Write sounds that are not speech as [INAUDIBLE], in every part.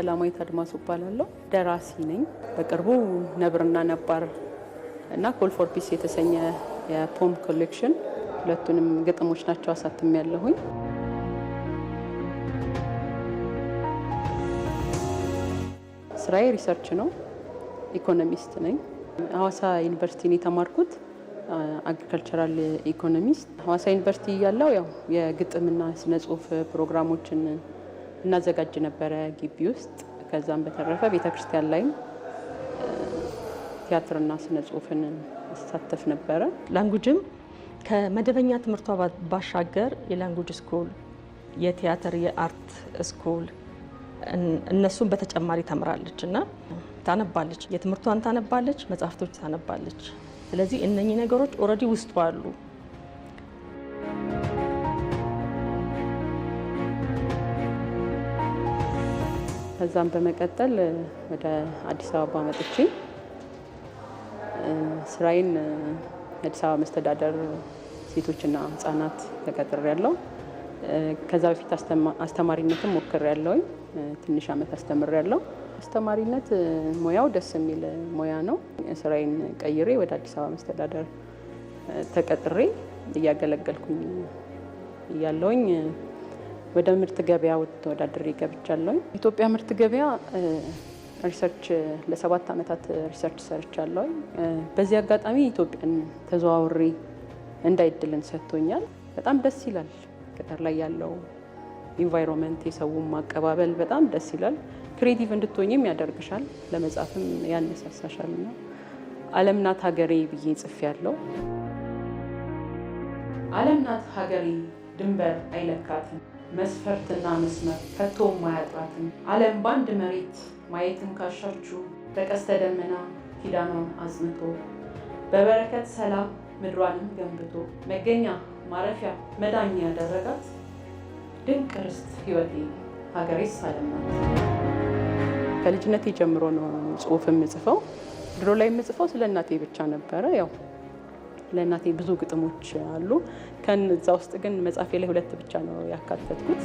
ሰላማዊት አድማሱ እባላለሁ። ደራሲ ነኝ። በቅርቡ ነብርና ነባር እና ኮል ፎር ፒስ የተሰኘ የፖም ኮሌክሽን ሁለቱንም ግጥሞች ናቸው አሳትም ያለሁኝ። ስራዬ ሪሰርች ነው። ኢኮኖሚስት ነኝ። ሀዋሳ ዩኒቨርሲቲን የተማርኩት አግሪካልቸራል ኢኮኖሚስት። ሀዋሳ ዩኒቨርሲቲ እያለሁ ያው የግጥምና ስነ ጽሁፍ ፕሮግራሞችን እናዘጋጅ ነበረ ግቢ ውስጥ። ከዛም በተረፈ ቤተክርስቲያን ላይም ቲያትርና ስነ ጽሁፍን ሳተፍ ነበረ። ላንጉጅም ከመደበኛ ትምህርቷ ባሻገር የላንጉጅ ስኩል፣ የቲያትር የአርት ስኩል እነሱን በተጨማሪ ተምራለች እና ታነባለች፣ የትምህርቷን ታነባለች፣ መጽሐፍቶች ታነባለች። ስለዚህ እነኚህ ነገሮች ኦልሬዲ ውስጡ አሉ። ከዛም በመቀጠል ወደ አዲስ አበባ መጥቼ ስራዬን የአዲስ አበባ መስተዳደር ሴቶችና ህጻናት ያለው ከዛ በፊት አስተማሪነትም ሞክር ያለውኝ ትንሽ አመት አስተምር ያለው። አስተማሪነት ሙያው ደስ የሚል ሙያ ነው። ስራዬን ቀይሬ ወደ አዲስ አበባ መስተዳደር ተቀጥሬ እያገለገልኩኝ እያለውኝ ወደ ምርት ገበያ ተወዳድሬ ገብቻለሁ። ኢትዮጵያ ምርት ገበያ ሪሰርች ለሰባት ዓመታት ሪሰርች ሰርቻለሁ። በዚህ አጋጣሚ ኢትዮጵያን ተዘዋውሬ እንዳይድልን ሰጥቶኛል። በጣም ደስ ይላል። ገጠር ላይ ያለው ኢንቫይሮንመንት፣ የሰውም ማቀባበል በጣም ደስ ይላል። ክሬቲቭ እንድትሆኝም ያደርግሻል። ለመጻፍም ያነሳሳሻል። ነው ዓለም ናት ሀገሬ ብዬ ጽፍ ያለው ዓለም ናት ሀገሬ ድንበር አይለካትም መስፈርትና መስመር ከቶ ማያጥራትን ዓለም በአንድ መሬት ማየትን ካሻችሁ በቀስተ ደመና ኪዳኗን አጽንቶ በበረከት ሰላም ምድሯንም ገንብቶ መገኛ ማረፊያ መዳኛ ያደረጋት ድንቅ ርስት ሕይወቴ ሀገሬስ ዓለም ከልጅነቴ ጀምሮ ነው ጽሁፍ የምጽፈው። ድሮ ላይ የምጽፈው ስለ እናቴ ብቻ ነበረ ያው ለእናቴ ብዙ ግጥሞች አሉ። ከነዛ ውስጥ ግን መጽሐፌ ላይ ሁለት ብቻ ነው ያካተትኩት።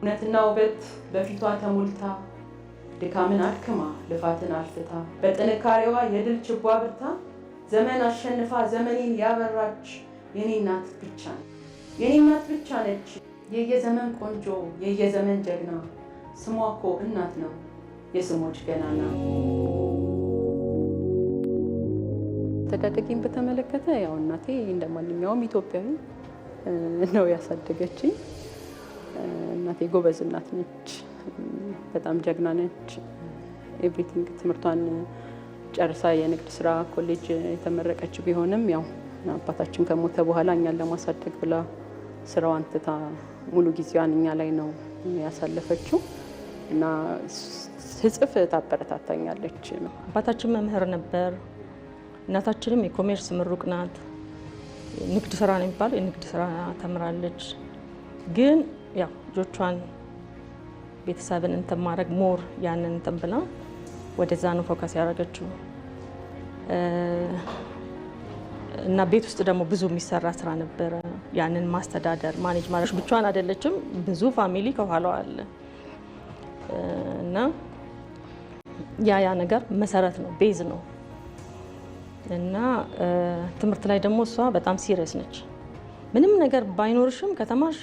እውነትና ውበት በፊቷ ተሞልታ ድካምን አድክማ ልፋትን አልፍታ በጥንካሬዋ የድል ችቦ አብርታ ዘመን አሸንፋ ዘመኔን ያበራች የኔ እናት ብቻ ነች፣ የኔ እናት ብቻ ነች። የየዘመን ቆንጆ የየዘመን ጀግና ስሟ እኮ እናት ነው የስሞች ገናና አስተዳደጌን በተመለከተ ያው እናቴ እንደ ማንኛውም ኢትዮጵያዊ ነው ያሳደገችኝ። እናቴ ጎበዝ እናት ነች፣ በጣም ጀግና ነች። ኤቭሪቲንግ ትምህርቷን ጨርሳ የንግድ ስራ ኮሌጅ የተመረቀች ቢሆንም ያው አባታችን ከሞተ በኋላ እኛን ለማሳደግ ብላ ስራዋን ትታ ሙሉ ጊዜዋን እኛ ላይ ነው ያሳለፈችው እና ስጽፍ ታበረታታኛለች። አባታችን መምህር ነበር። እናታችንም የኮሜርስ ምሩቅ ናት። ንግድ ስራ ነው የሚባለው፣ የንግድ ስራ ተምራለች። ግን ያው ልጆቿን ቤተሰብን እንትን ማድረግ ሞር ያንን እንትን ብላ ወደዛ ነው ፎከስ ያደረገችው። እና ቤት ውስጥ ደግሞ ብዙ የሚሰራ ስራ ነበረ። ያንን ማስተዳደር ማኔጅ ማድረግ ብቻዋን አይደለችም፣ ብዙ ፋሚሊ ከኋላዋ አለ እና ያ ያ ነገር መሰረት ነው ቤዝ ነው እና ትምህርት ላይ ደግሞ እሷ በጣም ሲሪየስ ነች። ምንም ነገር ባይኖርሽም ከተማሽ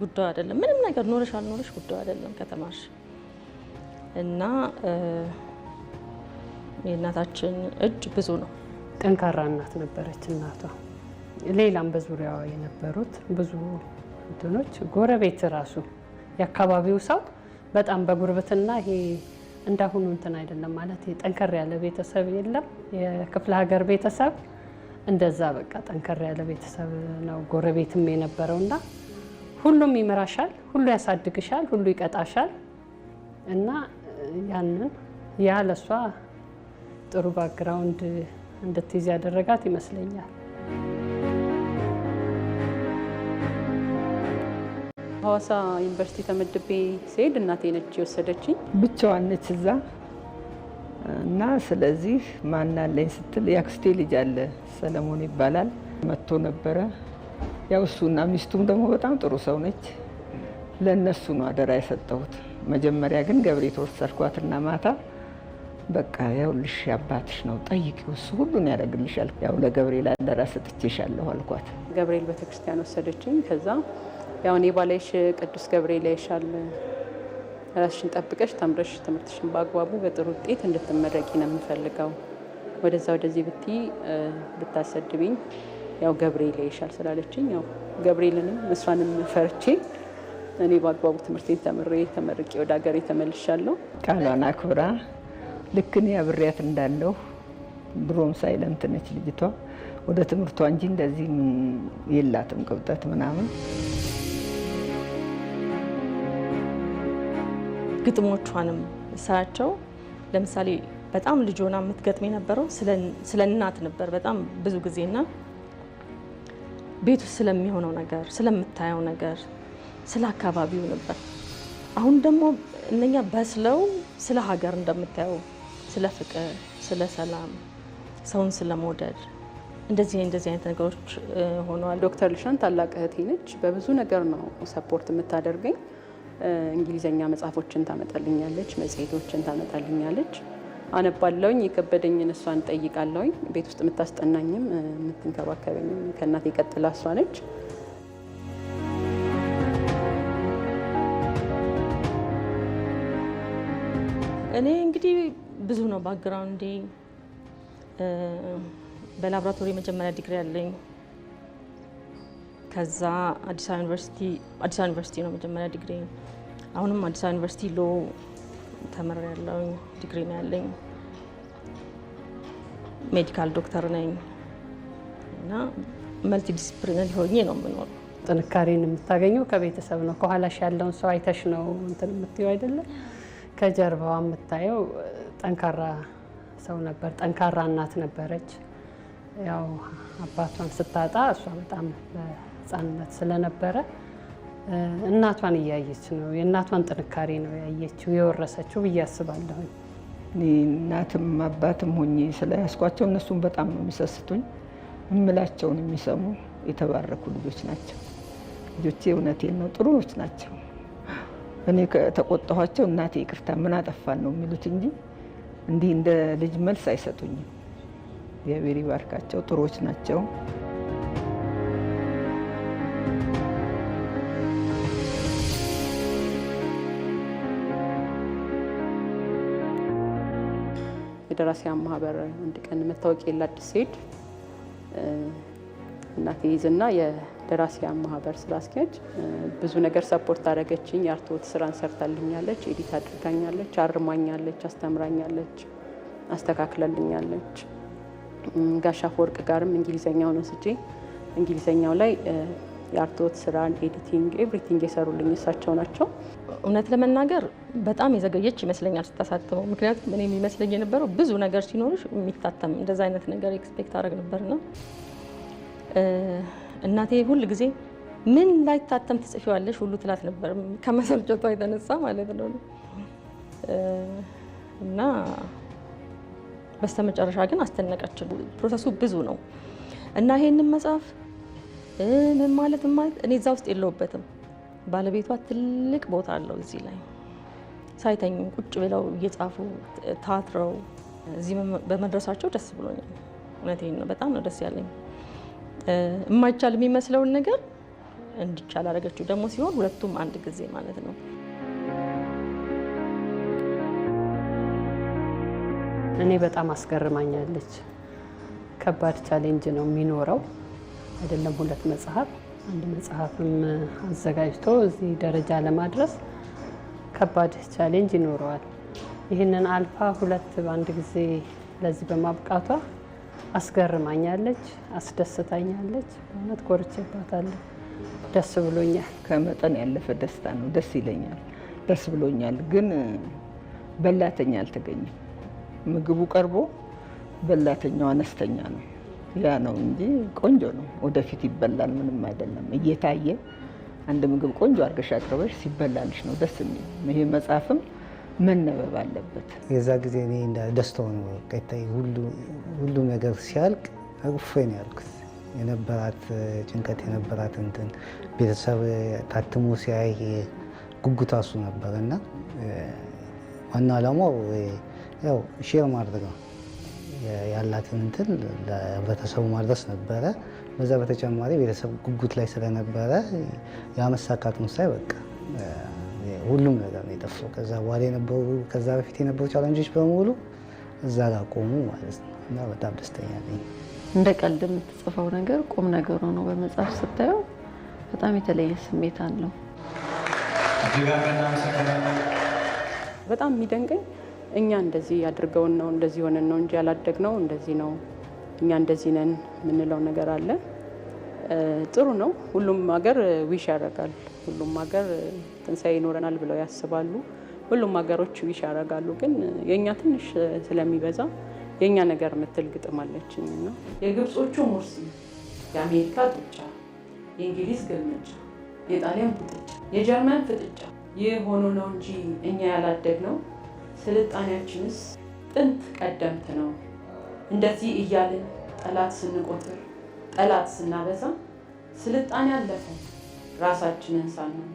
ጉዳዩ አይደለም። ምንም ነገር ኖረሽ አልኖረሽ ጉዳዩ አይደለም ከተማሽ እና የእናታችን እጅ ብዙ ነው። ጠንካራ እናት ነበረች እናቷ። ሌላም በዙሪያዋ የነበሩት ብዙ እንትኖች፣ ጎረቤት ራሱ የአካባቢው ሰው በጣም በጉርብትና ይሄ እንዳሁኑ እንትን አይደለም ማለት ጠንከር ያለ ቤተሰብ የለም። የክፍለ ሀገር ቤተሰብ እንደዛ በቃ ጠንከር ያለ ቤተሰብ ነው። ጎረቤትም የነበረው እና ሁሉም ይመራሻል፣ ሁሉ ያሳድግሻል፣ ሁሉ ይቀጣሻል እና ያንን ያ ጥሩ ባክግራውንድ እንድትይዝ ያደረጋት ይመስለኛል። ሀዋሳ ዩኒቨርሲቲ ተመድቤ ስሄድ እናቴ ነች የወሰደችኝ። ብቻዋን ነች እዛ እና ስለዚህ ማናለኝ ስትል የአክስቴ ልጅ አለ ሰለሞን ይባላል መጥቶ ነበረ። ያው እሱና ሚስቱም ደግሞ በጣም ጥሩ ሰው ነች። ለእነሱ ነው አደራ የሰጠሁት። መጀመሪያ ግን ገብሬ ተወሰድኳትና ማታ በቃ ያውልሽ አባትሽ ነው ጠይቂው፣ እሱ ሁሉን ያደርግልሻል። ያው ለገብርኤል አደራ ሰጥቼሻለሁ አልኳት። ገብርኤል ቤተክርስቲያን ወሰደችኝ። ከዛ ያው እኔ ባላይሽ ቅዱስ ገብርኤል ያይሻል። ራስሽን ጠብቀሽ ተምረሽ ትምህርትሽን በአግባቡ በጥሩ ውጤት እንድትመረቂ ነው የምፈልገው። ወደዛ ወደዚህ ብቲ ብታሰድብኝ ያው ገብርኤል ያይሻል ስላለችኝ ያው ገብርኤልንም እሷንም ፈርቼ እኔ በአግባቡ ትምህርቴን ተምሬ ተመርቄ ወደ ሀገር ተመልሻለሁ። ቃሏን አክብራ ልክ እኔ አብሬያት እንዳለሁ ድሮም ሳይለንት ነች ልጅቷ ወደ ትምህርቷ እንጂ እንደዚህ የላትም ቅብጠት ምናምን ግጥሞቿንም ሳያቸው ለምሳሌ በጣም ልጆና የምትገጥም የነበረው ስለ እናት ነበር። በጣም ብዙ ጊዜና ቤቱ ውስጥ ስለሚሆነው ነገር፣ ስለምታየው ነገር፣ ስለ አካባቢው ነበር። አሁን ደግሞ እነኛ በስለው ስለ ሀገር እንደምታየው ስለ ፍቅር፣ ስለ ሰላም፣ ሰውን ስለመውደድ እንደዚህ እንደዚህ አይነት ነገሮች ሆነዋል። ዶክተር ልሻን ታላቅ እህቴ ነች። በብዙ ነገር ነው ሰፖርት የምታደርገኝ እንግሊዘኛ መጽሐፎችን ታመጣልኛለች፣ መጽሔቶችን ታመጣልኛለች። አነባለውኝ የከበደኝን እሷን ጠይቃለውኝ። ቤት ውስጥ የምታስጠናኝም የምትንከባከበኝም ከእናት የቀጥላ እሷ ነች። እኔ እንግዲህ ብዙ ነው ባክግራውንዴ። በላብራቶሪ መጀመሪያ ዲግሪ አለኝ። ከዛ አዲስ አበባ ዩኒቨርሲቲ አዲስ አበባ ዩኒቨርሲቲ ነው መጀመሪያ ዲግሪ። አሁንም አዲስ አበባ ዩኒቨርሲቲ ሎ ተመራ ያለውኝ ዲግሪ ነው ያለኝ። ሜዲካል ዶክተር ነኝ እና መልቲ ዲስፕሊነሪ ሆኜ ነው የምኖር። ጥንካሬን የምታገኘው ከቤተሰብ ነው። ከኋላሽ ያለውን ሰው አይተሽ ነው እንትን የምትይው አይደለም። ከጀርባዋ የምታየው ጠንካራ ሰው ነበር። ጠንካራ እናት ነበረች። ያው አባቷን ስታጣ እሷ በጣም ህፃንነት ስለነበረ እናቷን እያየች ነው። የእናቷን ጥንካሬ ነው ያየችው የወረሰችው ብዬ አስባለሁኝ። እናትም አባትም ሆኜ ስለያዝኳቸው እነሱም በጣም ነው የሚሰስቱኝ። እምላቸውን የሚሰሙ የተባረኩ ልጆች ናቸው። ልጆቼ እውነቴን ነው ጥሩዎች ናቸው። እኔ ከተቆጣኋቸው እናቴ ይቅርታ ምን አጠፋን ነው የሚሉት እንጂ እንዲህ እንደ ልጅ መልስ አይሰጡኝም። እግዚአብሔር ይባርካቸው፣ ጥሩዎች ናቸው። የደራሲያን ማህበር አንድ ቀን መታወቂያ ሴድ ሲሄድ እናቴ ይዝና የደራሲያን ማህበር ስራ አስኪያጅ ብዙ ነገር ሰፖርት አደረገችኝ። የአርትዖት ስራን ሰርታልኛለች፣ ኤዲት አድርጋኛለች፣ አርማኛለች፣ አስተምራኛለች፣ አስተካክላልኛለች። ጋሻ ወርቅ ጋርም እንግሊዘኛውን ወስጄ እንግሊዘኛው ላይ የአርትዖት ስራን፣ ኤዲቲንግ ኤቭሪቲንግ የሰሩልኝ እሳቸው ናቸው። እውነት ለመናገር በጣም የዘገየች ይመስለኛል ስታሳትመው። ምክንያቱም እኔ የሚመስለኝ የነበረው ብዙ ነገር ሲኖርሽ የሚታተም እንደዛ አይነት ነገር ኤክስፔክት አደረግ ነበርና እናቴ ሁል ጊዜ ምን ላይታተም ትጽፊዋለሽ ሁሉ ትላት ነበር፣ ከመሰልቸቷ የተነሳ ማለት ነው እና በስተመጨረሻ ግን አስደነቀችን። ፕሮሰሱ ብዙ ነው እና ይሄንን መጽሐፍ ምን ማለት ማለት እኔ እዛ ውስጥ የለውበትም። ባለቤቷ ትልቅ ቦታ አለው እዚህ ላይ ሳይተኙ ቁጭ ብለው እየጻፉ ታትረው እዚህ በመድረሳቸው ደስ ብሎኛል። እውነቴን ነው፣ በጣም ነው ደስ ያለኝ። የማይቻል የሚመስለውን ነገር እንዲቻል አደረገችው ደግሞ ሲሆን ሁለቱም አንድ ጊዜ ማለት ነው። እኔ በጣም አስገርማኛለች። ከባድ ቻሌንጅ ነው የሚኖረው አይደለም ሁለት መጽሐፍ አንድ መጽሐፍም አዘጋጅቶ እዚህ ደረጃ ለማድረስ ከባድ ቻሌንጅ ይኖረዋል። ይህንን አልፋ ሁለት በአንድ ጊዜ ለዚህ በማብቃቷ አስገርማኛለች፣ አስደስታኛለች። በእውነት ኮርቼባታለሁ። ደስ ብሎኛል። ከመጠን ያለፈ ደስታ ነው። ደስ ይለኛል። ደስ ብሎኛል። ግን በላተኛ አልተገኘም። ምግቡ ቀርቦ በላተኛው አነስተኛ ነው። ያ ነው እንጂ ቆንጆ ነው። ወደፊት ይበላል፣ ምንም አይደለም። እየታየ አንድ ምግብ ቆንጆ አድርገሽ አቅርበሽ ሲበላልሽ ነው ደስ የሚል። ይሄ መጽሐፍም መነበብ አለበት። የዛ ጊዜ እኔ ደስተው ነው ሁሉ ነገር ሲያልቅ አቅፎ ነው ያልኩት። የነበራት ጭንቀት የነበራት እንትን ቤተሰብ ታትሞ ሲያይ ጉጉታ እሱ ነበር እና ዋና አላማው ያው ሼር ማድረግ ነው። ያላትን እንትን ለህብረተሰቡ ማድረስ ነበረ። በዛ በተጨማሪ ቤተሰብ ጉጉት ላይ ስለነበረ ያመሳካቱን ሳይ በቃ ሁሉም ነገር ነው የጠፋው። ከዛ በኋላ የነበሩ ከዛ በፊት የነበሩ ቻለንጆች በሙሉ እዛ ጋር ቆሙ ማለት ነው እና በጣም ደስተኛ ነኝ። እንደ ቀልድ የምትጽፈው ነገር ቁም ነገር ሆኖ በመጽሐፍ ስታየው በጣም የተለየ ስሜት አለው። በጣም የሚደንቀኝ እኛ እንደዚህ ያድርገውን ነው እንደዚህ ሆነን ነው እንጂ ያላደግ ነው እንደዚህ ነው እኛ እንደዚህ ነን የምንለው ነገር አለ። ጥሩ ነው። ሁሉም ሀገር ዊሽ ያደርጋል። ሁሉም ሀገር ትንሳኤ ይኖረናል ብለው ያስባሉ። ሁሉም ሀገሮች ዊሽ ያደርጋሉ። ግን የእኛ ትንሽ ስለሚበዛ የእኛ ነገር የምትል ግጥም አለችኝ እና የግብጾቹ ሙርሲ፣ የአሜሪካ ጡጫ፣ የእንግሊዝ ግልምጫ፣ የጣሊያን ፍጥጫ፣ የጀርመን ፍጥጫ ይህ ሆኖ ነው እንጂ እኛ ያላደግ ነው ስልጣኔያችንስ ጥንት ቀደምት ነው። እንደዚህ እያልን ጠላት ስንቆጥር፣ ጠላት ስናበዛ ስልጣኔ አለፈ ራሳችንን ሳንሆን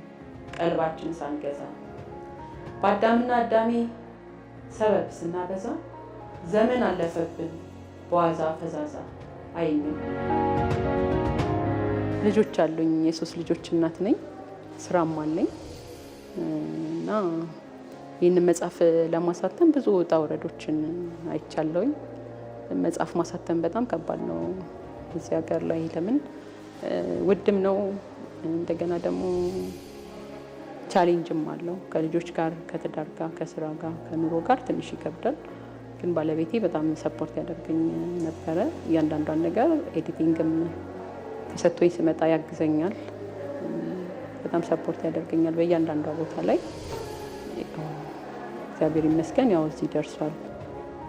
ቀልባችን ሳንገዛ በአዳምና አዳሜ ሰበብ ስናበዛ ዘመን አለፈብን በዋዛ ፈዛዛ አይንም። ልጆች አሉኝ። የሶስት ልጆች እናት ነኝ። ስራም አለኝ እና ይህንን መጽሐፍ ለማሳተም ብዙ ውጣ ውረዶችን አይቻለውኝ። መጽሐፍ ማሳተም በጣም ከባድ ነው እዚህ ሀገር ላይ ለምን ውድም ነው። እንደገና ደግሞ ቻሌንጅም አለው ከልጆች ጋር ከትዳር ጋር ከስራ ጋር ከኑሮ ጋር ትንሽ ይከብዳል። ግን ባለቤቴ በጣም ሰፖርት ያደርገኝ ነበረ። እያንዳንዷን ነገር ኤዲቲንግም ተሰጥቶኝ ስመጣ ያግዘኛል። በጣም ሰፖርት ያደርገኛል በእያንዳንዷ ቦታ ላይ እግዚአብሔር ይመስገን ያው እዚህ ደርሷል።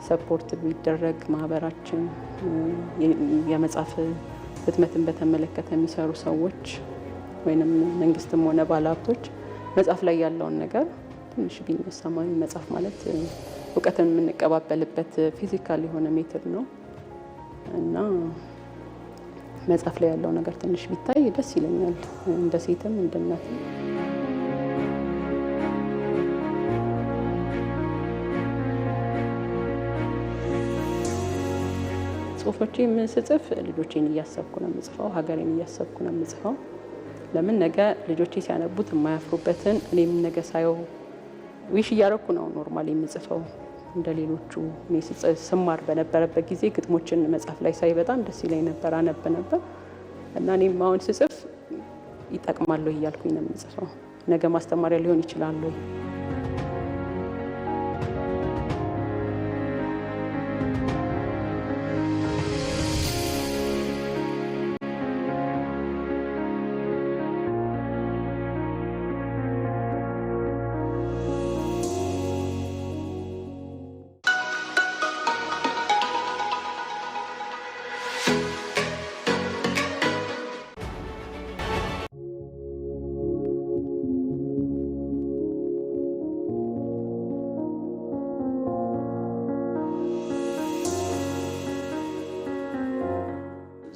ሰፖርት ቢደረግ ማህበራችን የመጽሐፍ ህትመትን በተመለከተ የሚሰሩ ሰዎች ወይም መንግስትም ሆነ ባለሀብቶች መጽሐፍ ላይ ያለውን ነገር ትንሽ ቢነሳ መጽሐፍ ማለት እውቀትን የምንቀባበልበት ፊዚካል የሆነ ሜትር ነው እና መጽሐፍ ላይ ያለው ነገር ትንሽ ቢታይ ደስ ይለኛል እንደ ሴትም እንደ እናትም ጽሁፎቼ የምስጽፍ ልጆቼን እያሰብኩ ነው የምጽፈው፣ ሀገሬን እያሰብኩ ነው የምጽፈው። ለምን ነገ ልጆቼ ሲያነቡት የማያፍሩበትን እኔም ነገ ሳየው ዊሽ እያረኩ ነው ኖርማል የምጽፈው። እንደ ሌሎቹ ስማር በነበረበት ጊዜ ግጥሞችን መጽሐፍ ላይ ሳይ በጣም ደስ ይለኝ ነበር፣ አነብ ነበር እና እኔም አሁን ስጽፍ ይጠቅማለሁ እያልኩኝ ነው የምጽፈው። ነገ ማስተማሪያ ሊሆን ይችላሉ።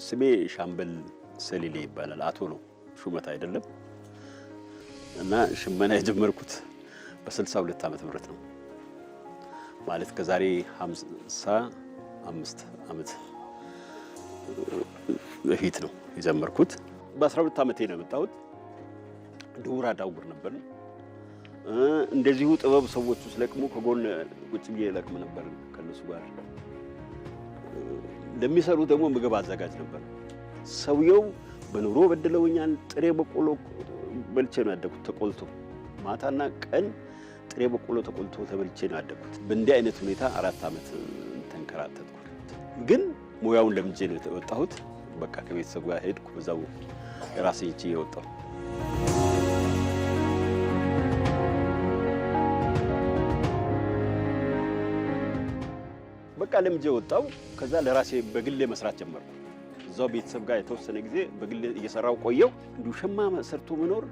ስሜ ሻምበል ሰሌሌ ይባላል። አቶ ነው ሹመት አይደለም። እና ሽመና የጀመርኩት በ62 ዓመተ ምህረት ነው ማለት ከዛሬ 55 ዓመት በፊት ነው የጀመርኩት። በ12 ዓመቴ ነው የመጣሁት። ድውር አዳውር ነበር። እንደዚሁ ጥበብ ሰዎች ውስጥ ከጎን ቁጭ ብዬ ለቅም ነበር ከነሱ ጋር ለሚሰሩ ደግሞ ምግብ አዘጋጅ ነበር። ሰውየው በኑሮ በደለውኛል። ጥሬ በቆሎ በልቼ ነው ያደኩት። ተቆልቶ፣ ማታና ቀን ጥሬ በቆሎ ተቆልቶ ተበልቼ ነው ያደጉት። በእንዲህ አይነት ሁኔታ አራት ዓመት ተንከራተትኩ። ግን ሙያውን ለምጄ ነው የወጣሁት። በቃ ከቤተሰብ ጋር ሄድኩ። በዛው ራሴ ይቼ የወጣሁ በቃ ለምጄ ወጣው። ከዛ ለራሴ በግሌ መስራት ጀመርኩ። እዛው ቤተሰብ ጋር የተወሰነ ጊዜ በግሌ እየሰራው ቆየው። እንዲሁ ሸማ ሰርቶ መኖር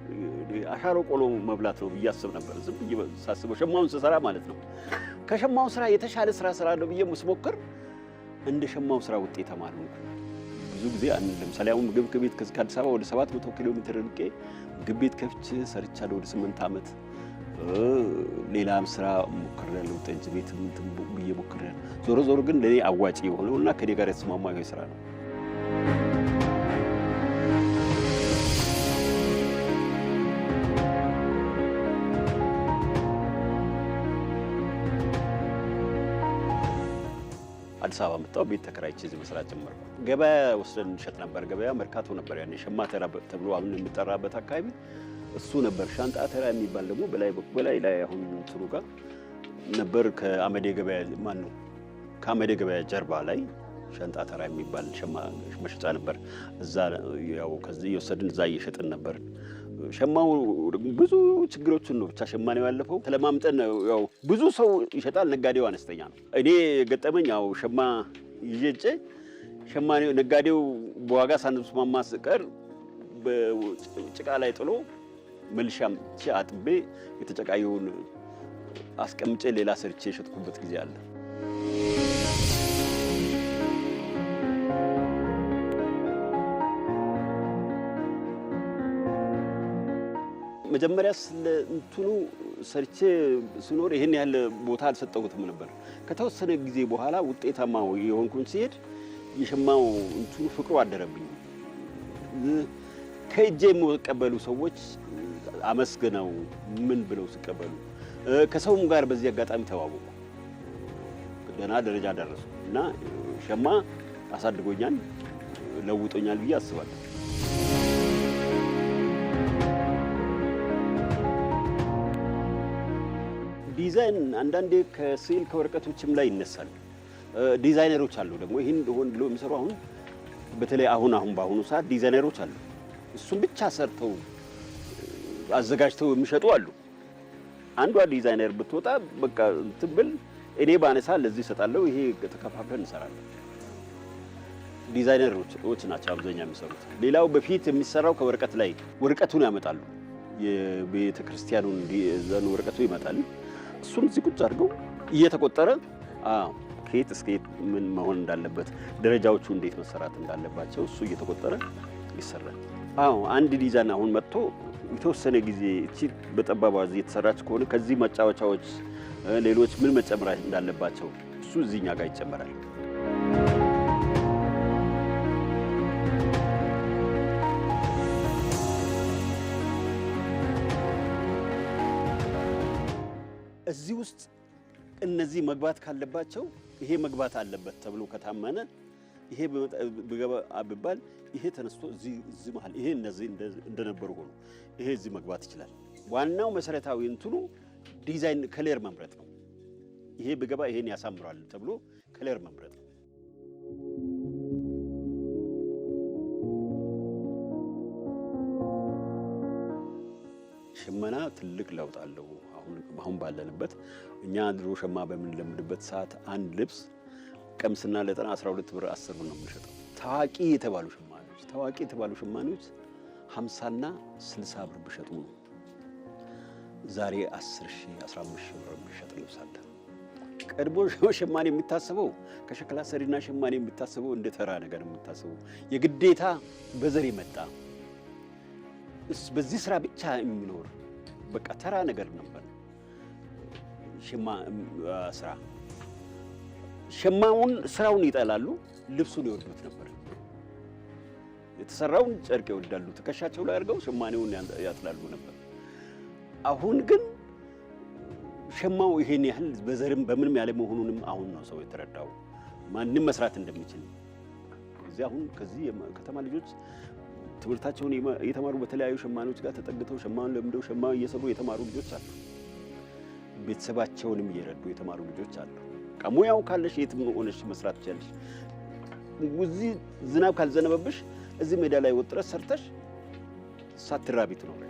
አሻሮ ቆሎ መብላት ነው ብዬ አስብ ነበር። ዝም ሳስበው ሸማውን ስሰራ ማለት ነው። ከሸማው ስራ የተሻለ ስራ ስራ ስራለሁ ብዬ ስሞክር እንደ ሸማው ስራ ውጤታማ አልሆንኩም። ብዙ ጊዜ ለምሳሌ አሁን ምግብ ከቤት ከአዲስ አበባ ወደ ሰባት መቶ ኪሎ ሜትር ርቄ ምግብ ቤት ከፍቼ ሰርቻለሁ ወደ ስምንት ዓመት ሌላም ስራ ሞክሬያለሁ። ጠጅ ቤት ብዬ ሞክሬያለሁ። ዞሮ ዞሮ ግን ለእኔ አዋጭ የሆነው እና ከኔ ጋር የተስማማ ስራ ነው። አዲስ አበባ መጣሁ። ቤት ተከራይቼ እዚህ መስራት ጀመርኩ። ገበያ ወስደን እንሸጥ ነበር። ገበያ መርካቶ ነበር ያኔ፣ ሸማ ተብሎ አሁን የሚጠራበት አካባቢ እሱ ነበር። ሻንጣ ተራ የሚባል ደግሞ በላይ በላይ ላይ አሁን እንትኑ ጋር ነበር። ከአመዴ ገበያ ማን ነው ከአመዴ ገበያ ጀርባ ላይ ሸንጣ ተራ የሚባል መሸጫ ነበር። እዛ ያው ከዚህ እየወሰድን እዛ እየሸጥን ነበር። ሸማው ብዙ ችግሮችን ነው ብቻ ሸማኔው ያለፈው ተለማምጠን ነው። ያው ብዙ ሰው ይሸጣል፣ ነጋዴው አነስተኛ ነው። እኔ ገጠመኝ ያው ሸማ ይዤ ሸማኔው ነጋዴው በዋጋ ሳንስማማ ስቀር ጭቃ ላይ ጥሎ መልሻም አጥቤ የተጨቃየውን አስቀምጬ ሌላ ሰርቼ የሸጥኩበት ጊዜ አለ። መጀመሪያ ስለ እንትኑ ሰርቼ ስኖር ይህን ያህል ቦታ አልሰጠሁትም ነበር። ከተወሰነ ጊዜ በኋላ ውጤታማ የሆንኩን ሲሄድ የሸማው እንትኑ ፍቅሩ አደረብኝ። ከእጄ የሚቀበሉ ሰዎች አመስግነው ምን ብለው ሲቀበሉ ከሰውም ጋር በዚህ አጋጣሚ ተዋወቁ። ገና ደረጃ ደረሱ እና ሸማ አሳድጎኛል፣ ለውጦኛል ብዬ አስባለሁ። ዲዛይን አንዳንዴ ከስዕል ከወረቀቶችም ላይ ይነሳል። ዲዛይነሮች አሉ ደግሞ ይህን ሆን ብሎ የሚሰሩ አሁን በተለይ አሁን አሁን በአሁኑ ሰዓት ዲዛይነሮች አሉ። እሱም ብቻ ሰርተው አዘጋጅተው የሚሸጡ አሉ። አንዷ ዲዛይነር ብትወጣ በቃ ትብል እኔ ባነሳ ለዚህ እሰጣለሁ፣ ይሄ ተከፋፍለን እንሰራለን። ዲዛይነሮች ናቸው አብዛኛ የሚሰሩት። ሌላው በፊት የሚሰራው ከወረቀት ላይ ወረቀቱን ያመጣሉ። የቤተ ክርስቲያኑን ወረቀቱ ይመጣል። እሱን እዚህ ቁጭ አድርገው እየተቆጠረ ከየት እስከ የት ምን መሆን እንዳለበት ደረጃዎቹ እንዴት መሰራት እንዳለባቸው እሱ እየተቆጠረ ይሰራል። አዎ አንድ ዲዛይን አሁን መጥቶ የተወሰነ ጊዜ እቺ በጠባባ እዚህ የተሰራች ከሆነ ከዚህ መጫወቻዎች ሌሎች ምን መጨመር እንዳለባቸው እሱ እዚህኛ ጋር ይጨመራል። እዚህ ውስጥ እነዚህ መግባት ካለባቸው ይሄ መግባት አለበት ተብሎ ከታመነ ይሄ ብገባ ይሄ ተነስቶ እዚህ መሀል ይሄ እነዚህ እንደነበሩ ሆኖ ይሄ እዚህ መግባት ይችላል። ዋናው መሰረታዊ እንትኑ ዲዛይን ከሌር መምረጥ ነው። ይሄ ብገባ ይሄን ያሳምራል ተብሎ ከሌር መምረጥ ነው። ሽመና ትልቅ ለውጥ አለው። አሁን ባለንበት እኛ ድሮ ሸማ በምንለምድበት ሰዓት አንድ ልብስ ቀምስና ለጠና 12 ብር 10 ብር ነው የምንሸጠው። ታዋቂ የተባሉ ሸማኔዎች ታዋቂ የተባሉ ሸማኔዎች 50ና 60 ብር ቢሸጡ ነው ዛሬ 10 ሺ 15 ሺህ ብር የሚሸጥ ልብስ አለ። ቀድሞ [LAUGHS] ሸማኔ የሚታስበው ከሸክላ ሰሪና ሸማኔ የሚታስበው እንደ ተራ ነገር የሚታስበው የግዴታ በዘር የመጣ በዚህ ስራ ብቻ የሚኖር በቃ ተራ ነገር ነበር። ሸማ ስራ ሸማውን ስራውን ይጠላሉ፣ ልብሱን ይወዱት ነበር። የተሰራውን ጨርቅ ይወዳሉ፣ ትከሻቸው ላይ አድርገው ሸማኔውን ያጥላሉ ነበር። አሁን ግን ሸማው ይሄን ያህል በዘርም በምንም ያለ መሆኑንም አሁን ነው ሰው የተረዳው፣ ማንም መስራት እንደሚችል እዚህ አሁን ከዚህ ከተማ ልጆች ትምህርታቸውን የተማሩ በተለያዩ ሸማኔዎች ጋር ተጠግተው ሸማን ለምደው ሸማ እየሰሩ የተማሩ ልጆች አሉ። ቤተሰባቸውንም እየረዱ የተማሩ ልጆች አሉ። ሙያው ካለሽ የትም ሆነሽ መስራት ትችላለሽ። እዚህ ዝናብ ካልዘነበብሽ እዚህ ሜዳ ላይ ወጥረሽ ሰርተሽ ሳትራቢ ትኖሪያለሽ።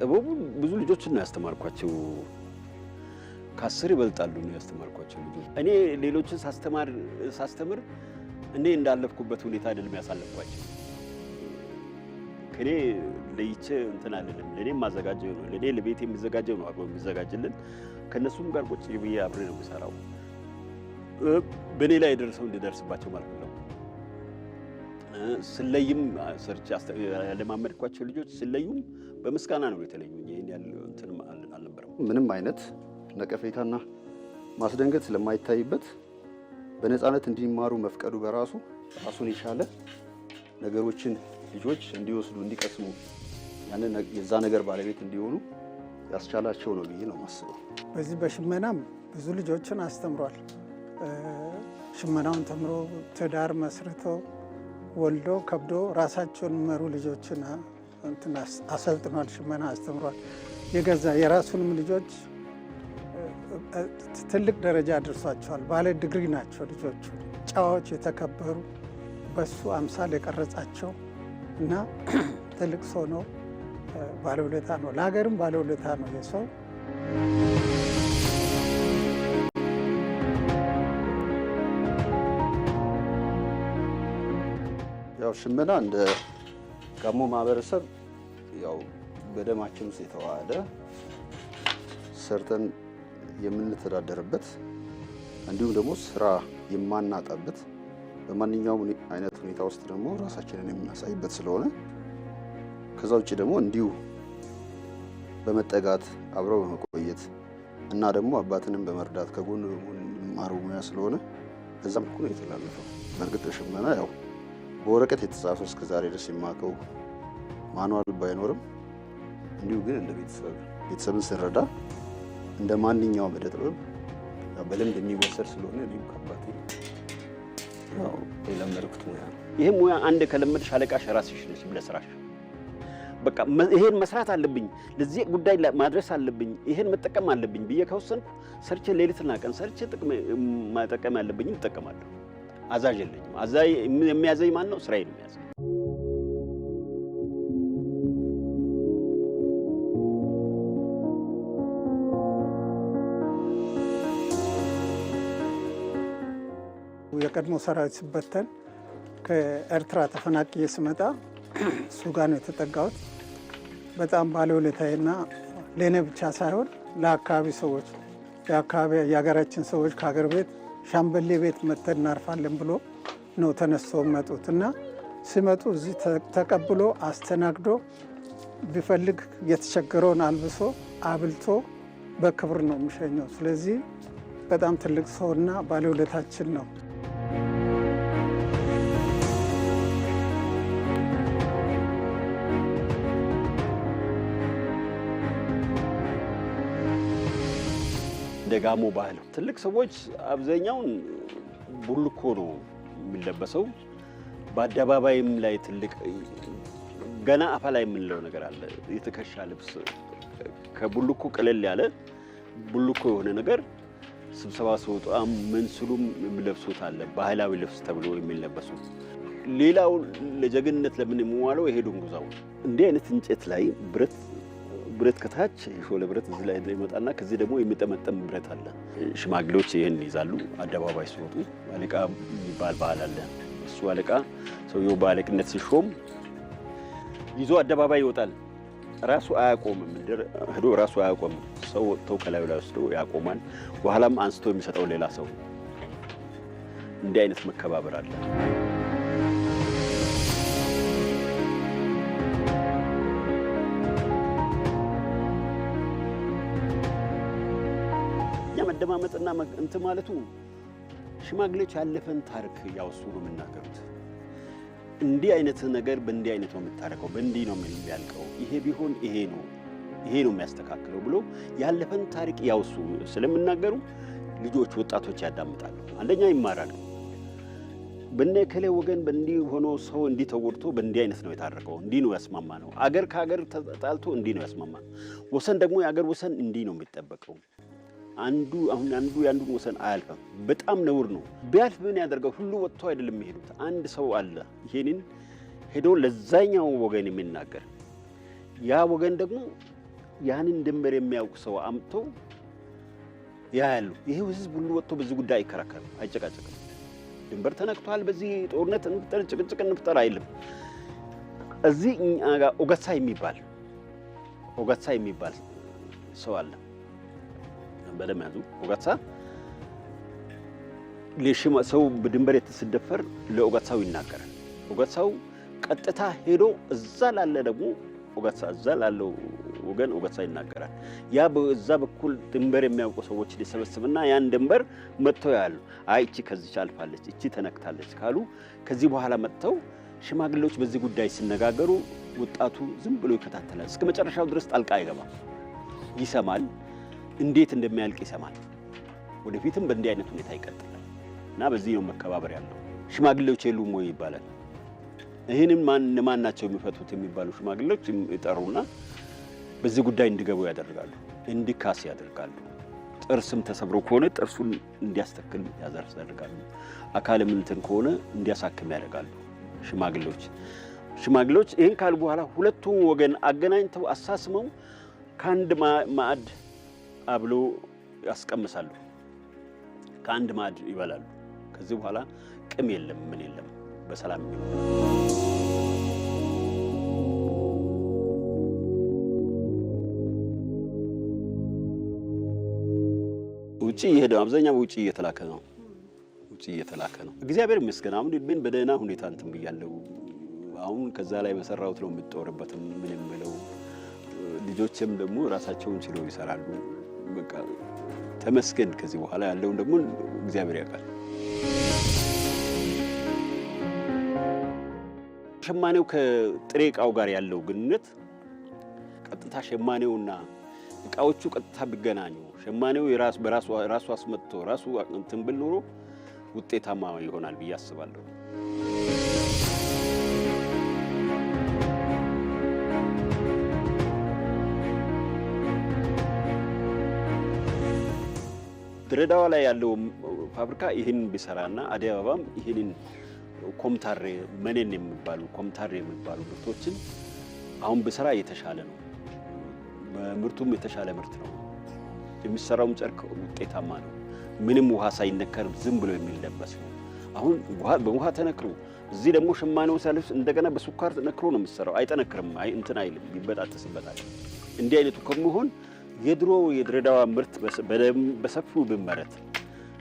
ጥበቡ ብዙ ልጆችን ነው ያስተማርኳቸው። ከአስር ይበልጣሉ ነው ያስተማርኳቸው ልጆች። እኔ ሌሎችን ሳስተምር እኔ እንዳለፍኩበት ሁኔታ አይደለም ያሳለፍኳቸው። ከኔ ለይቼ እንትን አይደለም። ለእኔ የማዘጋጀው ነው ለእኔ ለቤት የሚዘጋጀው ነው አብሮ የሚዘጋጅልን። ከእነሱም ጋር ቁጭ ብዬ አብሬ ነው የሚሰራው። በእኔ ላይ የደረሰው እንዲደርስባቸው ማለት ነው። ስለይም ሰርች ያለማመድኳቸው ልጆች ስለዩም በምስጋና ነው የተለዩ። ይህን ያለ እንትን አልነበረም ምንም አይነት ነቀፌታና ማስደንገጥ ስለማይታይበት በነፃነት እንዲማሩ መፍቀዱ በራሱ ራሱን የቻለ ነገሮችን ልጆች እንዲወስዱ እንዲቀስሙ ያንን የዛ ነገር ባለቤት እንዲሆኑ ያስቻላቸው ነው ብዬ ነው ማስበው። በዚህ በሽመናም ብዙ ልጆችን አስተምሯል። ሽመናውን ተምሮ ትዳር መስርቶ ወልዶ ከብዶ ራሳቸውን መሩ ልጆችን አሰልጥኗል። ሽመና አስተምሯል። የገዛ የራሱንም ልጆች ትልቅ ደረጃ አድርሷቸዋል። ባለ ዲግሪ ናቸው ልጆቹ። ጫዋዎች የተከበሩ በሱ አምሳል የቀረጻቸው እና [CLEARS THROAT] ትልቅ ሰው ነው። ባለውለታ ነው። ለሀገርም ባለውለታ ነው የሰው ያው ሽመና እንደ ጋሞ ማህበረሰብ ያው በደማችን ውስጥ የተዋሃደ ሰርተን የምንተዳደርበት እንዲሁም ደግሞ ስራ የማናጣበት በማንኛውም አይነት ሁኔታ ውስጥ ደግሞ ራሳችንን የምናሳይበት ስለሆነ ከዛ ውጭ ደግሞ እንዲሁ በመጠጋት አብረው በመቆየት እና ደግሞ አባትንም በመርዳት ከጎን በጎን ሙያ ስለሆነ በዛም እኮ ነው የተላለፈው። በእርግጥ ሽመና ያው በወረቀት የተጻፈ እስከዛሬ ድረስ የማውቀው ማንዋል ባይኖርም እንዲሁ ግን እንደ ቤተሰብ ቤተሰብን ስንረዳ እንደ ማንኛውም እደ ጥበብ በልምድ የሚወሰድ ስለሆነ ልዩ ከባድ ነው። የለመድኩት ሙያ ነው። ይህም ሙያ አንድ ከለመድሽ አለቃሽ ራስሽ ነሽ ብለሽ ስራሽ በቃ ይሄን መስራት አለብኝ፣ ለዚህ ጉዳይ ማድረስ አለብኝ፣ ይሄን መጠቀም አለብኝ ብዬ ከወሰንኩ ሰርቼ ሌሊትና ቀን ሰርቼ ጥቅም መጠቀም ያለብኝ እጠቀማለሁ። አዛዥ የለኝም። አዛዥ የሚያዘኝ ማን ነው? ስራዬን የሚያዘኝ ቀድሞ ሰራዊት ሲበተን ከኤርትራ ተፈናቅዬ ስመጣ እሱ ጋር ነው የተጠጋሁት። በጣም ባለውለታዬና ለእኔ ብቻ ሳይሆን ለአካባቢ ሰዎች የአካባቢ የሀገራችን ሰዎች ከሀገር ቤት ሻምበሌ ቤት መተን እናርፋለን ብሎ ነው ተነስተው መጡት እና ሲመጡ እዚህ ተቀብሎ አስተናግዶ ቢፈልግ የተቸገረውን አልብሶ አብልቶ በክብር ነው የሚሸኘው። ስለዚህ በጣም ትልቅ ሰውና ባለውለታችን ነው። የደጋሞ ባህል ትልቅ ሰዎች አብዛኛውን ቡልኮ ነው የሚለበሰው። በአደባባይም ላይ ትልቅ ገና አፋ ላይ የምንለው ነገር አለ። የትከሻ ልብስ ከቡልኮ ቅልል ያለ ቡልኮ የሆነ ነገር ስብሰባ ሲወጣ ምን ሲሉም የሚለብሱት አለ። ባህላዊ ልብስ ተብሎ የሚለበሱ ሌላው ለጀግንነት ለምን የሚዋለው የሄዱን ጉዛው እንዲህ አይነት እንጨት ላይ ብረት ብረት ከታች የሾለ ብረት እዚህ ላይ ይመጣና ከዚህ ደግሞ የሚጠመጠም ብረት አለ። ሽማግሌዎች ይህን ይዛሉ። አደባባይ ሲወጡ አለቃ የሚባል ባህል አለ። እሱ አለቃ ሰውየው በአለቅነት ሲሾም ይዞ አደባባይ ይወጣል። ራሱ አያቆምም፣ ሄዶ ራሱ አያቆምም። ሰው ወጥተው ከላዩ ላይ ወስዶ ያቆማል። በኋላም አንስቶ የሚሰጠው ሌላ ሰው። እንዲህ አይነት መከባበር አለ። መደማመጥና እንት ማለቱ ሽማግሌዎች ያለፈን ታሪክ እያወሱ ነው የምናገሩት። እንዲህ አይነት ነገር በእንዲህ አይነት ነው የምታረገው፣ በእንዲህ ነው የሚያልቀው፣ ይሄ ቢሆን ይሄ ነው ይሄ ነው የሚያስተካክለው ብሎ ያለፈን ታሪክ ያውሱ ስለምናገሩ ልጆች ወጣቶች ያዳምጣሉ። አንደኛ ይማራሉ። በነ ከሌ ወገን በእንዲህ ሆኖ ሰው እንዲህ ተወርቶ በእንዲህ አይነት ነው የታረቀው፣ እንዲህ ነው ያስማማ ነው። አገር ከአገር ተጣልቶ እንዲህ ነው ያስማማ ወሰን ደግሞ የአገር ወሰን እንዲህ ነው የሚጠበቀው። አንዱ አሁን አንዱ ያንዱ ወሰን አያልፍም። በጣም ነውር ነው። ቢያልፍ ምን ያደርገው? ሁሉ ወጥቶ አይደለም የሚሄዱት። አንድ ሰው አለ ይሄንን ሄዶ ለዛኛው ወገን የሚናገር ያ ወገን ደግሞ ያንን ድንበር የሚያውቅ ሰው አምጥቶ ያ ያሉ ይሄ ህዝብ ሁሉ ወጥቶ በዚህ ጉዳይ አይከራከርም፣ አይጨቃጨቅም። ድንበር ተነክቷል፣ በዚህ ጦርነት እንፍጠር፣ ጭቅጭቅ እንፍጠር አይልም። እዚህ ኦገሳ የሚባል ኦገሳ የሚባል ሰው አለ በደም ያዙ ኦጋትሳ ሰው በድንበር የተስደፈር ለኦጋትሳው ይናገራል። ኦጋትሳው ቀጥታ ሄዶ እዛ ላለ ደግሞ ኦጋትሳ እዛ ላለው ወገን ኦጋትሳ ይናገራል። ያ በዛ በኩል ድንበር የሚያውቁ ሰዎች ሊሰበስብና ያን ድንበር መጥተው ያሉ አይ እቺ ከዚች አልፋለች፣ እቺ ተነክታለች ካሉ ከዚህ በኋላ መጥተው ሽማግሌዎች በዚህ ጉዳይ ሲነጋገሩ ወጣቱ ዝም ብሎ ይከታተላል። እስከ መጨረሻው ድረስ ጣልቃ አይገባም፣ ይሰማል። እንዴት እንደሚያልቅ ይሰማል። ወደፊትም በእንዲህ አይነት ሁኔታ ይቀጥላል እና በዚህ ነው መከባበር ያለው። ሽማግሌዎች የሉም ወይ ይባላል። ይህንን ማን ናቸው የሚፈቱት የሚባሉ ሽማግሌዎች ይጠሩና በዚህ ጉዳይ እንዲገቡ ያደርጋሉ፣ እንዲካስ ያደርጋሉ። ጥርስም ተሰብሮ ከሆነ ጥርሱን እንዲያስተክል ያደርጋሉ። አካል እንትን ከሆነ እንዲያሳክም ያደርጋሉ ሽማግሌዎች ሽማግሌዎች ይህን ካል በኋላ ሁለቱም ወገን አገናኝተው አሳስመው ከአንድ ማዕድ አብሎ ያስቀምሳሉ። ከአንድ ማዕድ ይበላሉ። ከዚህ በኋላ ቅም የለም ምን የለም በሰላም የሚሆ ውጭ እየሄደ አብዛኛው ውጭ እየተላከ ነው። ውጭ እየተላከ ነው። እግዚአብሔር ይመስገን አሁን ቤን በደህና ሁኔታ እንትን ብያለሁ። አሁን ከዛ ላይ በሰራሁት ነው የምጦርበትም ምን የምለው ልጆችም ደግሞ ራሳቸውን ችለው ይሰራሉ። በቃ ተመስገን። ከዚህ በኋላ ያለውን ደግሞ እግዚአብሔር ያውቃል። ሸማኔው ከጥሬ እቃው ጋር ያለው ግንኙነት ቀጥታ ሸማኔውና እቃዎቹ ቀጥታ ቢገናኙ ሸማኔው በራሱ አስመጥቶ ራሱ እንትን ብል ኖሮ ውጤታማ ይሆናል ብዬ አስባለሁ። ድሬዳዋ ላይ ያለው ፋብሪካ ይህንን ቢሰራና አዲስ አበባም ይህንን ኮምታሬ መኔን የሚባሉ ኮምታሬ የሚባሉ ምርቶችን አሁን ብሰራ የተሻለ ነው። ምርቱም የተሻለ ምርት ነው። የሚሰራውም ጨርቅ ውጤታማ ነው። ምንም ውሃ ሳይነከር ዝም ብሎ የሚለበስ ነው። አሁን በውሃ ተነክሮ እዚህ ደግሞ ሸማኔው ሲያለብስ እንደገና በስኳር ነክሮ ነው የሚሰራው። አይጠነክርም፣ እንትን አይልም፣ ይበጣጠስበታል። እንዲህ አይነቱ ከመሆን የድሮ የድሬዳዋ ምርት በሰፊው ብመረት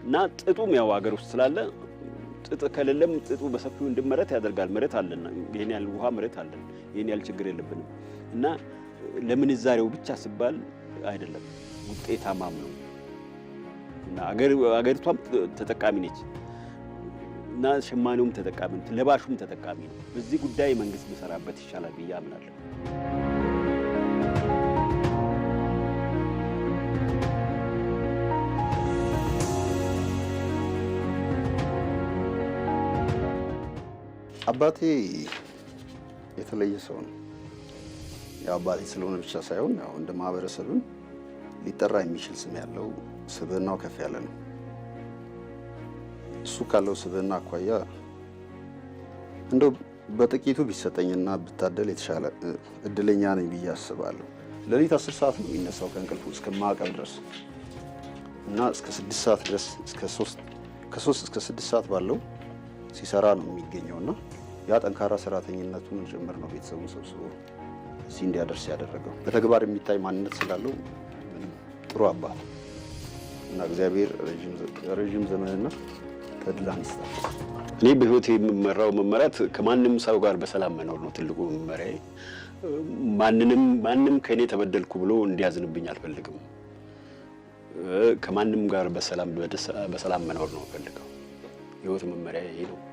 እና ጥጡም ያው ሀገር ውስጥ ስላለ ጥጥ ከሌለም ጥጡ በሰፊው እንድመረት ያደርጋል። መሬት አለን፣ ይህን ያህል ውሃ መሬት አለን፣ ይህን ያህል ችግር የለብንም። እና ለምንዛሬው ብቻ ሲባል አይደለም፣ ውጤታማም ነው እና አገሪቷም ተጠቃሚ ነች እና ሸማኔውም ተጠቃሚ ነው፣ ለባሹም ተጠቃሚ ነው። በዚህ ጉዳይ መንግስት ቢሰራበት ይሻላል ብዬ አምናለሁ። አባቴ የተለየ ሰው ነው። ያው አባቴ ስለሆነ ብቻ ሳይሆን ያው እንደ ማህበረሰብም ሊጠራ የሚችል ስም ያለው ስብዕናው ከፍ ያለ ነው። እሱ ካለው ስብዕና አኳያ እንደው በጥቂቱ ቢሰጠኝና ብታደል የተሻለ እድለኛ ነኝ ብዬ አስባለሁ። ሌሊት አስር ሰዓት ነው የሚነሳው ከእንቅልፉ እስከ ማዕቀብ ድረስ እና እስከ ስድስት ሰዓት ድረስ ከሶስት እስከ ስድስት ሰዓት ባለው ሲሰራ ነው የሚገኘው እና ያ ጠንካራ ሰራተኝነቱን ጭምር ነው ቤተሰቡን ሰብስቦ እዚህ እንዲያደርስ ያደረገው። በተግባር የሚታይ ማንነት ስላለው ጥሩ አባት እና እግዚአብሔር ረዥም ዘመንና ተድላን ይስጣል። እኔ በህይወት የምመራው መመሪያት ከማንም ሰው ጋር በሰላም መኖር ነው ትልቁ መመሪያ። ማንንም ማንም ከእኔ ተበደልኩ ብሎ እንዲያዝንብኝ አልፈልግም። ከማንም ጋር በሰላም በሰላም መኖር ነው ፈልገው 요즘 말에 이루